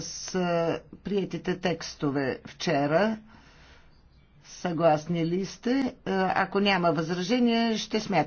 с приятите текстове вчера. Съгласни ли сте? Ако няма възражение, ще смятам.